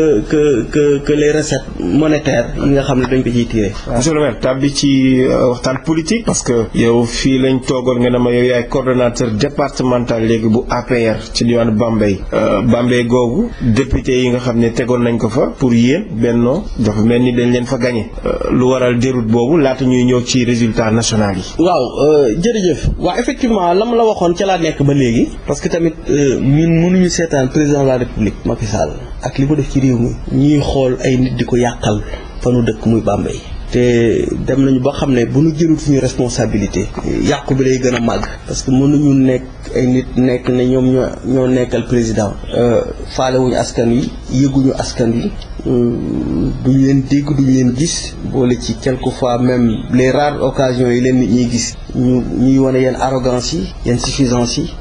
que que les recettes monétaires yi nga xam ne dañ ko ciy tiré monsieur le maire tàbbi ci euh, waxtaan politique parce que yow fii lañ toogoon nga ne yow yaay coordonnateur département départemental léegi bu APR ci diwaanu Bambey euh, Bambey googu député yi nga xam ne tegoon nañ ko fa pour yéen bennoo dafa mel ni dañ leen fa gagné euh, lu waral déroute boobu laata ñuy ñëw ci résultat national yi. waaw euh, jërëjëf waaw effectivement lam la waxoon ca laa nekk ba léegi. parce que tamit ñun mënuñu seetaan président de la république Macky Sall ak li mu def ci réew mi ñuy xool ay nit di ko yàqal fa nu dëkk muy Bambey. te dem nañu ba xam ne bu ñu jëlut suñu responsabilité yàqu bi lay gën a màgg parce que mën nañu nekk ay nit nekk ne ñoom ñoo ñoo nekkal président euh, faalewuñu askan wi yëguñu askan wi duñu leen dégg duñu leen gis boole ci quelque fois même les rares occasions yi leen nit ñuy gis ñu ñuy wane yenn arrogance yi yenn suffisance yi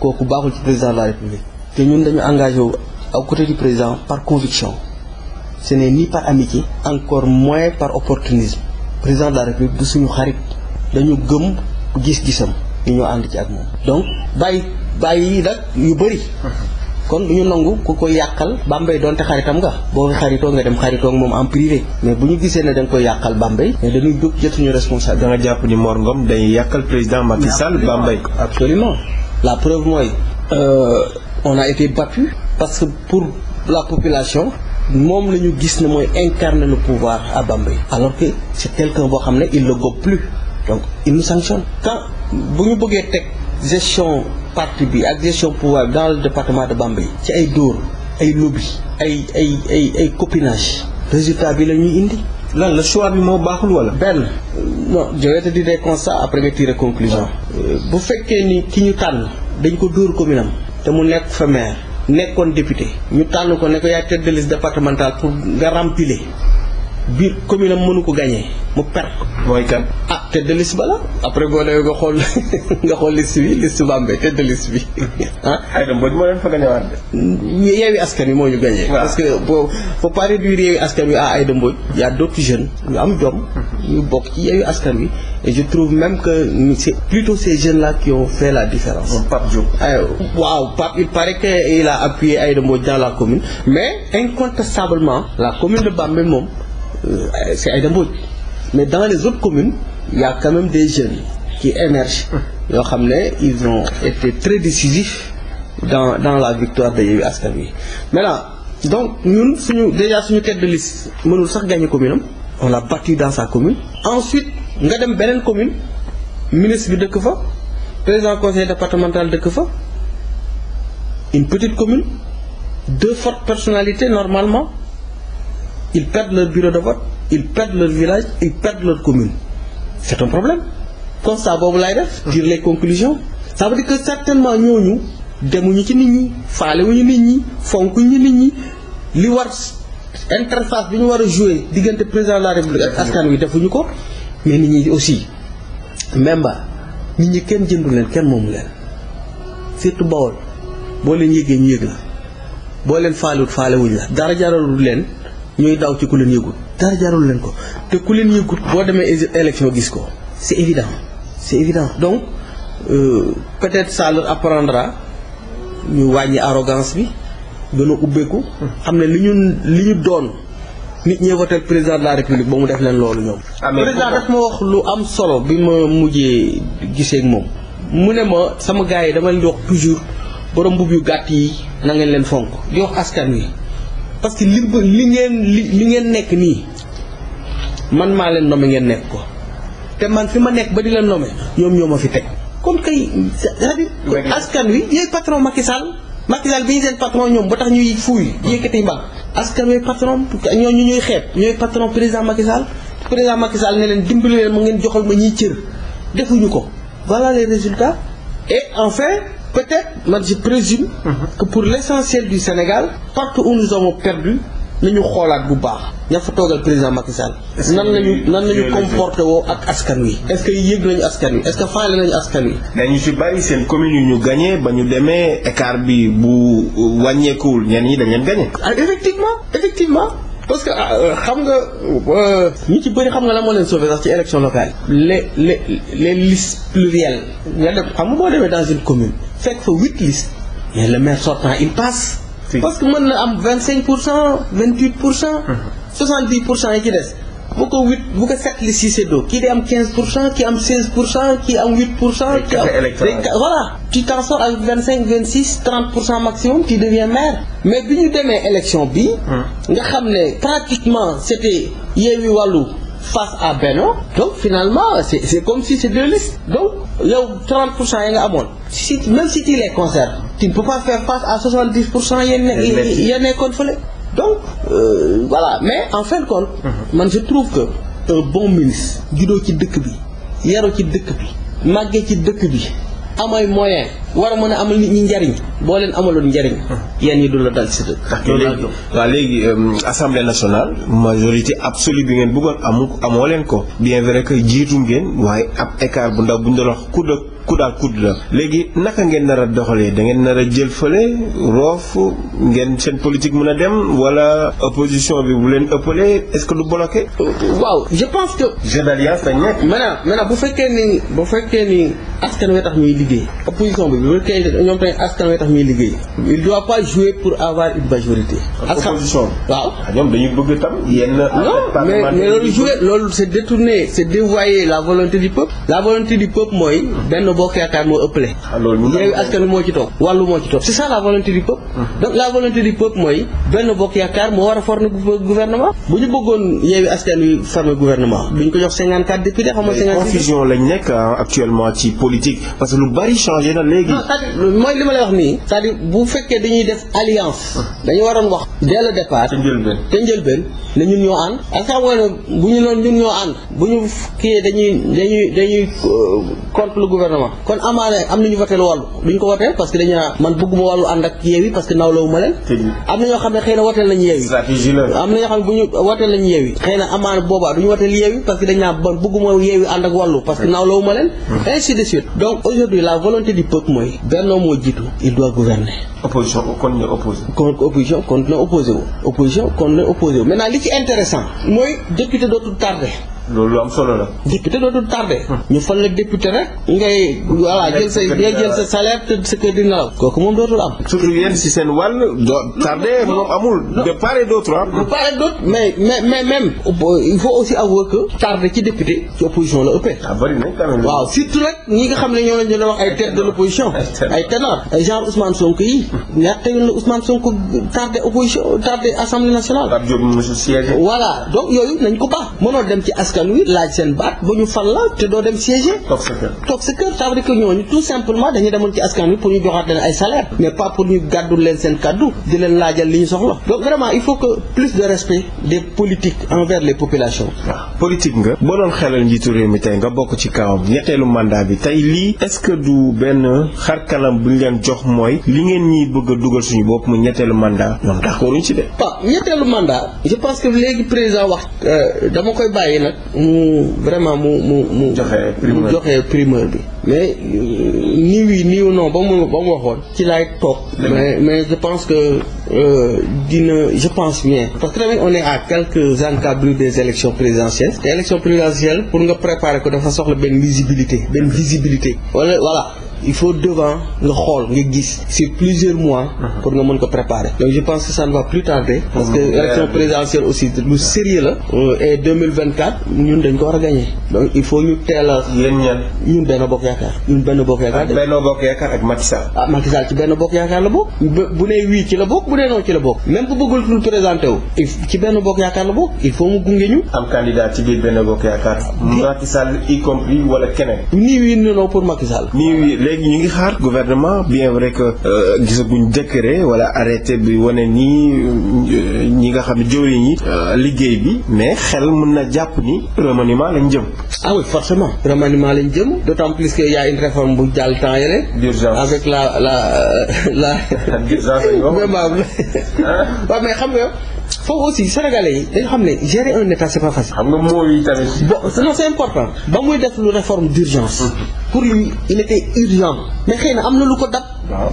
kooku baaxul ci président de la république te ñun dañu engagé wu à côté du président par conviction ce n'est ni par amitié encore moins par opportunisme président de la suñu xarit dañu gëm gis-gisam ñu ñoo ànd ci ak moom donc bàyyi bàyyi yi nag yu bëri kon du ñu nangu ku koy yàqal Bambey donte xaritam nga boo ko xaritoo nga dem xaritoo moom en privé mais bu ñu gisee ne da koy yàqal Bambey mais dañuy jóg jël suñu responsable da nga jàpp ni Mor Ngom day yàqal président Macky Sall Bambey absolument la preuve mooy euh, on a été battu parce que pour la population moom la ñu gis ne mooy incarne le pouvoir à Bambey alors que c'est quelqu'un boo xam ne il le gobe plus donc il nous sanctionne bu ñu bëggee teg gestion parti bi ak gestion pouvoir dans le département de yi ci ay dóor ay lobby ay ay ay ay copinage résultat bi la ñuy indi lan la choix bi moo baaxul wala. benn non je vais te dire des constats après nga tirer conclusion euh, bu fekkee ni ki ñu tànn dañ ko dóor commune am te mu nekk fa maire nekkoon député ñu tànn ko ne ko yaay tête de liste départementale pour nga remplir biir commune am mënu ko gagné mu perte. mooy kan ah tête de liste ba la après boo demee nga xool nga xool liste bi liste Bambey tête de bi ah. aywa boobu moo leen fa gañewaat de. yeewi askan wi moo ñu gagné. parce que boo faut pas réduire yeewi askan wi à ay Mbodj. y a d'autres jeunes ñu am jom. ñu bokk ci yeewi askan wi. et je trouve même que c'est plutôt ces jeunes là qui ont fait la différence. moom Pape Diop. Ah, waaw Pape il paraît que il a appuyé Aïda Mbodj dans la commune mais incontestablement la commune de Bambey moom euh, c'est Aïda y a des jeunes qui émergent yoo xam ne ils ont été très décisifs dans dans la victoire de Yewwi Askan Wi maintenant donc ñun suñu déjà suñu tête de liste mënul sax gagné commune am on l'a battu dans sa commune ensuite nga dem beneen commune ministre bi dëkk fa président conseil départemental dëkk fa une petite commune deux fortes personnalités normalement il perdent leur bureau de vote ils perdent leur village ils perdent leur commune c'est un problème constat boobu lay def. tire les conclusions. ça veut dire que certainement ñooñu demuñu ci nit ñi faalewuñu nit ñi fonk ñu nit ñi li war interface bi ñu war a jouer diggante président de la république ak askan wi defuñu ko. mais nit ñi aussi même ba nit ñi kenn jëndu leen kenn moomu leen surtout Bawol boo leen yëgee ñu yëg la boo leen faalewut faalewuñu la dara jaralul leen. ñuy daw ci ku leen yëgut dara jarul leen ko te ku leen yëgut boo demee élection gis ko c'est évident c'est évident donc euh, peut-être ça leur apprendra ñu wàññi arrogance bi gën ubbeeku xam ne li ñu li ñu doon nit ñee président de la république ba mu def leen loolu ñoom président daf ma wax lu am solo bi ma mujjee gisee ak moom mu ne ma sama gars yi dama leen wax toujours borom mbubb yu gàtt yi na ngeen leen fonk di wax askan wi parce que li li ngeen li li ngeen nekk nii man maa leen nome ngeen nekk ko te man fi ma nekk ba di leen nome ñoom ñoo ma fi teg kon kay askan wi yooyu patron Macky Sall Macky Sall bi ñu seen patron ñoom ba tax ñuy fuuy yëkkati mbaam askan wi patron ñooñu ñooy xeeb ñooy patron président Macky Sall président Macky Sall ne leen dimbali leen mu ngeen joxal ma ñuy cër defuñu ko voilà les résultats et enfin peut-être man je présume. Mhm. que pour l'essentiel du Sénégal partout où nous avons perdu nañu xoolaat bu baax. ña fa toogal président Macky Sall. nan lañu nan lañu comporté woo ak askan wi. est-ce que yëg nañu askan wi est-ce faale nañu askan wi. dañu ci bari seen commune yu ñu gañee ba ñu demee écart bi bu wàññeekuwul ñenn yi dañ leen ah, effectivement effectivement. parce que ah, euh, xam nga euh, ñu ci bëri xam nga la moo leen sauvé sax ci élection locale le les les listes plurielles nga dem xam nga boo demee dans une commune fekk fa huit listes mais le maire sortant il passe parce que mën na am vingt cinq pour cent vingt huit pour cent mhm. soixante dix pour cent yi ci des bu ko huit bu ko sept li Cissé-Lo kii am quinze pour cent kii am seize pour cent kii am huit pour cent kii am voilà tu t'en sors avec vingt cinq vingt six trente pour cent maximum tu deviens maire mais bi ñu demee élection bi hmm. nga xam ne pratiquement c'était Yewwi Wallu face à Benno donc finalement c'est c'est comme si c'est deux listes donc yow 30 pour cent yi nga amoon si même si tu les conserves tu ne pas face à 70 pour cent yéen ne donc euh, voilà mais en fin de compte. Mhm. man je trouve que un bon ministre juddoo ci dëkk bi yaru ci dëkk bi màggee ci dëkk bi amay moyen war a mën a amal nit ñi njariñ boo leen amaloon njariñ mhm. yenn ñi du la dal si dëkk léegi waaw léegi euh, assemblée nationale majorité absolue bi ngeen bëggoon amu amoo leen ko bien vrai que jiitu ngeen waaye ab écart bu ndaw bu ñu doon wax ku dëkk coude à coude la léegi naka ngeen nar a doxalee da ngeen nar a jël fële roof ngeen seen politique mën a dem wala opposition bi bu leen ëppalee est-ce que du bloqué. Euh, waaw je pense que. jeu d'alliance dañ nekk. maintenant maintenant bu fekkee ni bu fekkee ni askan wi tax ñuy liggéey opposition bi bu fekkee ñoom tamit askan wi tax ñuy liggéey. il doit pas jouer pour avoir une majorité. askan opposition waaw. Ah, ñoom dañuy bëgg tam yenn. non mais mais loolu jouer loolu c'est détourner c'est dévoyer la volonté du peuple. la volonté mooy benn bokk yaakaar moo ëppale ah, yeewu askan moo ci toog mm-hmm. a nekk actuellement ci politique parce que lu bari changé na léegi mooy li ma lay wax nii cest bu fekkee dañuy def alliance ah. dañu waroon wax dès le départ te njëlbeen ne ñun ñoo ànd ak xam nga ne bu ñu noon ñun ñoo ànd bu ñu kii dañuy dañuy dañuy euh, contre gouvernement kon amaana am nañu voté wàllu duñ ko voté parce que dañu naan man bëgguma wàllu ànd ak yeewi parce que nawlawuma leen am na ñoo xam ne xëy na voté lañu yeewi am na ñoo xam ne bu ñu voté lañu yeewi xëy na amaana boobaa duñu voté yeewi parce que dañu naan man bëgguma yeewi ànd ak wàllu parce que nawlawuma leen hmm. ainsi de suite donc aujourd'hui la volonté du peuple mooy Benno moo jiitu il doit gouverner opposition kon ne opposé loolu am solo la. député dootul tardé. ñu fal la député rek. ngay voilà jël sa salaire te sa kër kooku moom dootul am. surtout yéen si il faut aussi avouer que. tardé ci député ci opposition la ëppee. ah bëri waaw surtout nag ñi nga xam ne ñoo leen doon wax ay tête de l'opposition. ay ténor ay genre Ousmane Sonko yi. ñaata yoon la Ousmane Sonko tardé opposition tardé assemblée nationale. voilà donc yooyu nañ ko baax mënoo dem ci askan askan wi laaj seen baat ba ñu fal la te doo dem siéger. toog sa kër toog sa kër ça veut dire que ñooñu tout simplement dañu demoon ci askan wi pour ñu joxaat leen ay salaire mais pas pour ñu gàddul leen seen kàddu di leen laajal li ñu soxla donc vraiment il faut que plus de respect des politiques envers les populations. waaw nga boo doon xelal njiitu réew mi tey nga bokk ci kawam ñetteelu mandat bi tey lii est-ce du benn xar kanam bu ñu leen jox mooy li ngeen ñiy bëgg a dugal suñu bopp mu ñetteelu mandat ñoom d'accord ñu ci de. waaw ñetteelu mandat je pense que léegi président wax euh, dama koy bàyyi nag mu vraiment mu mu mu. joxe primeur mu joxe primeur bi. mais euh, niiw yi niiw non ba mu ba mu waxoon. ci laay toog. mais mais je pense que euh, dina euh, je pense bien. parce que tamit on est à quelques encablures des élections présidentielles. te élection présidentielle pour nga préparer ko dafa soxla benn lisibilité benn visibilité. wala voilà. il faut devant nga xool nga gis c'est plusieurs mois uh-huh. pour nga mën ko préparer donc je pense que ça va plus tarder parce que uh-huh. élection présidentielle aussi lu sérieux la euh, et 2024 ñun dañ ko war a gagner donc il faut ñu teel a ñun benn bokk yaakaar ñun benn bokk yaakaar ak Macky ah Macky ci benn bokk yaakaar la bokk bu nee oui ci la bokk bu nee non ci la bokk même bu bëggul lu présenté wu ci benn bokk yaakaar la bokk il faut léegi ñu ngi xaar gouvernement bien vrai que euh, gisaguñ décret wala arrêté bi wane nii euh, ñi nga xam ne jëwriñ yi euh, liggéey bi mais xel mën na jàpp ni remaniement lañ jëm. ah oui forcément remaniement lañ jëm d' autant plus que y' une réforme bu jàll temps yële. avec la la la. d' urgence xam nga. foofu aussi sénégalais yi dañu xam ne gérer un état c'est pas facile. xam nga mooy important ba muy def lu réforme d'urgence. Mm-hmm. pour lui il était urgent. mais xëy na am na lu ko dab.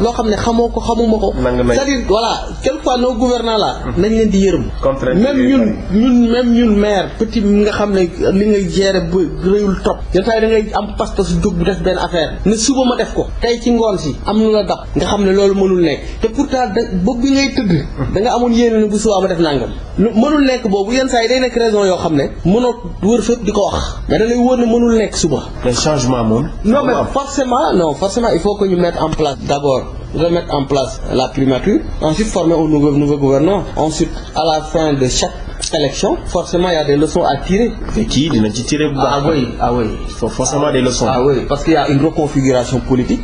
loo xam ne xamoo ko xamuma ko. c'est-à-dire voilà quelquefois nos gouvernants la mm-hmm. nañ leen di yërëm. même ñun ñun même ñun maire petit mi nga xam ne li ngay gérer ba réyul topp. yenn saa yi da am pas-pas jóg bu def benn affaire. ne suba ma def ko. tey ci ngoon si am nu la dab. nga xam ne loolu mënul nekk. te pourtant da bëgg mm-hmm. da nga amoon yéene ne bu subaa def nangam. lu mënul nekk boobu yenn saa yi day nekk raison yoo xam ne mënoo wër fépp di ko wax mais da lay wóor ne mënul nekk suba. mais changement moom. non mais forcément non forcément il faut que ñu mettre en place d'abord remettre en place la primature ensuite former un nouveau nouveau gouvernement ensuite à la fin de chaque élection forcément il a des leçons à tirer. te kii ci tirer bu baax. ah oui ah oui. forcément des leçons. Ah parce que y a une reconfiguration politique.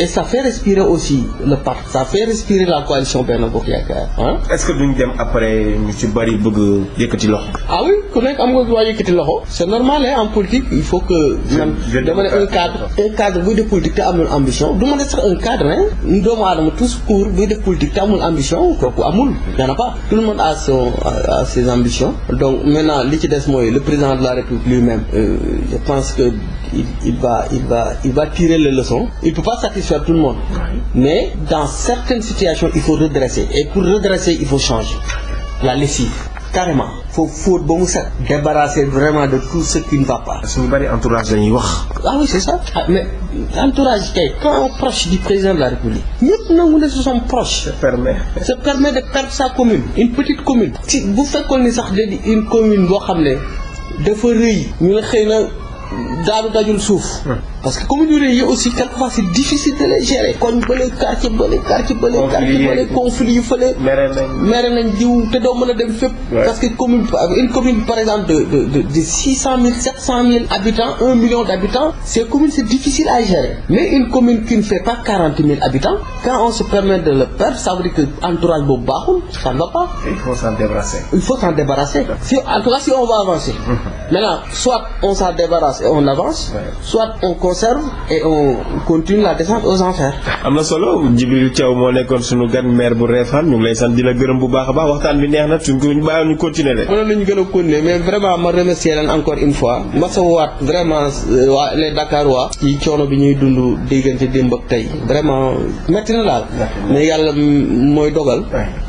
e ça fait respirer aussi le parti ça fait respirer la coalition Benno Bokk Yaakaar ah. est-ce que duñ dem après ñu ci bari bëgg yëkkati loxo. ah oui ku nekk am nga droit yëkkati loxo. c'est normal en politique il faut que. man dama ne un cadre un cadre buy def politique te amul ambition du ma ne sax un cadre hein. doomu aadama tout court buy def politique te amul ambition kooku amul. dana pas tout le monde a son a ses ambitions donc li ci des mooy le président de la République lui-même euh, je pense que il il va satisfaire tout le monde. Mais dans certaines situations, il faut redresser. Et pour redresser, il faut changer la lessive. carrément foofu fóot ba mu set. débarrasser vraiment de tout ce qui ne va pas. entourage dañuy wax. ah oui c'est ça ah mais entourage kay quand proche du président de la République. ñëpp nangu ne ce sont proches. se permet se permet de perdre sa commune. une petite commune. si bu fekkoon ni sax da di une commune boo xam ne dafa rëy. ñu ne xëy na daanu dajul suuf. parce que communes yi aussi quelquefois c'est difficile de les gérer koñ bële quartier bële quartier bële quartier bële conflit yu fële mere nañ jiw te doo mën a dem fépp parce que commune une commune par exemple de de de de six cent mille sept cent mille habitants un million d'habitants ces communes c'est difficile à gérer mais une commune qui ne fait pas quarante mille habitants quand on se permet de le perdre ça veut dire que entourage boobu baaxul ça ne va pas il faut s'en débarrasser il faut s'en débarrasser si en tout cas si on va avancer mhm. maintenant soit on s'en débarrasse et on avance soit on conserve et on continue la descente aux enfers. am na solo Djibril Thiaw moo nekkoon suñu gan maire bu Refane ñu ngi lay di la gërëm bu baax a baax waxtaan bi neex na suñ ko ñu continuer de. mënoon a continuer mais vraiment ma remercier leen encore une fois masawaat vraiment euh, waa les Dakarois ci coono bi ñuy dund diggante démb ak tey vraiment métti na daal. mais yàlla mooy dogal.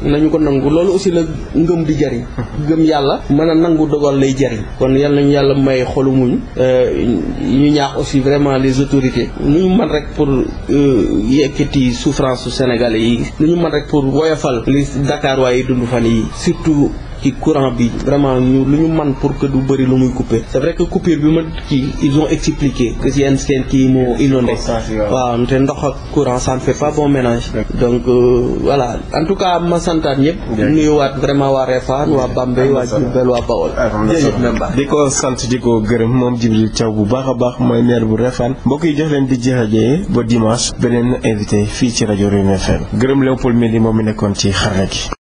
nañu ko nangu loolu aussi la ngëm di jariñ. ngëm yàlla mën a nangu dogal lay jariñ kon yàlla euh, ñu ñaax vraiment les autorités lu ñu man rek pour euh, yekkati souffrance su sénégalais yi lu ñu mën rek pour woyofal li Dakar waaye dund fan yi surtout ci courant bi vraiment lu ñu man pour que du bëri lu muy couper c'est vrai que coupure bi ma kii ils ont expliqué que si yenn seen kii moo inondé waaw te ndox ak courant ça ne fait pas bon ménage donc euh, voilà en tout cas ma santaan ñëpp nuyuwaat vraiment waa Réfane waa Bambey waa Diourbel waa Bawol di ko sant di ko gërëm moom Djibril Thiaw bu baax a baax mooy maire bu Réfane mbokk yi jox leen di jeexajee ba dimanche beneen invité fii ci rajo Rewmi FM gërëm Léopold Mendy moom mi nekkoon ci xarala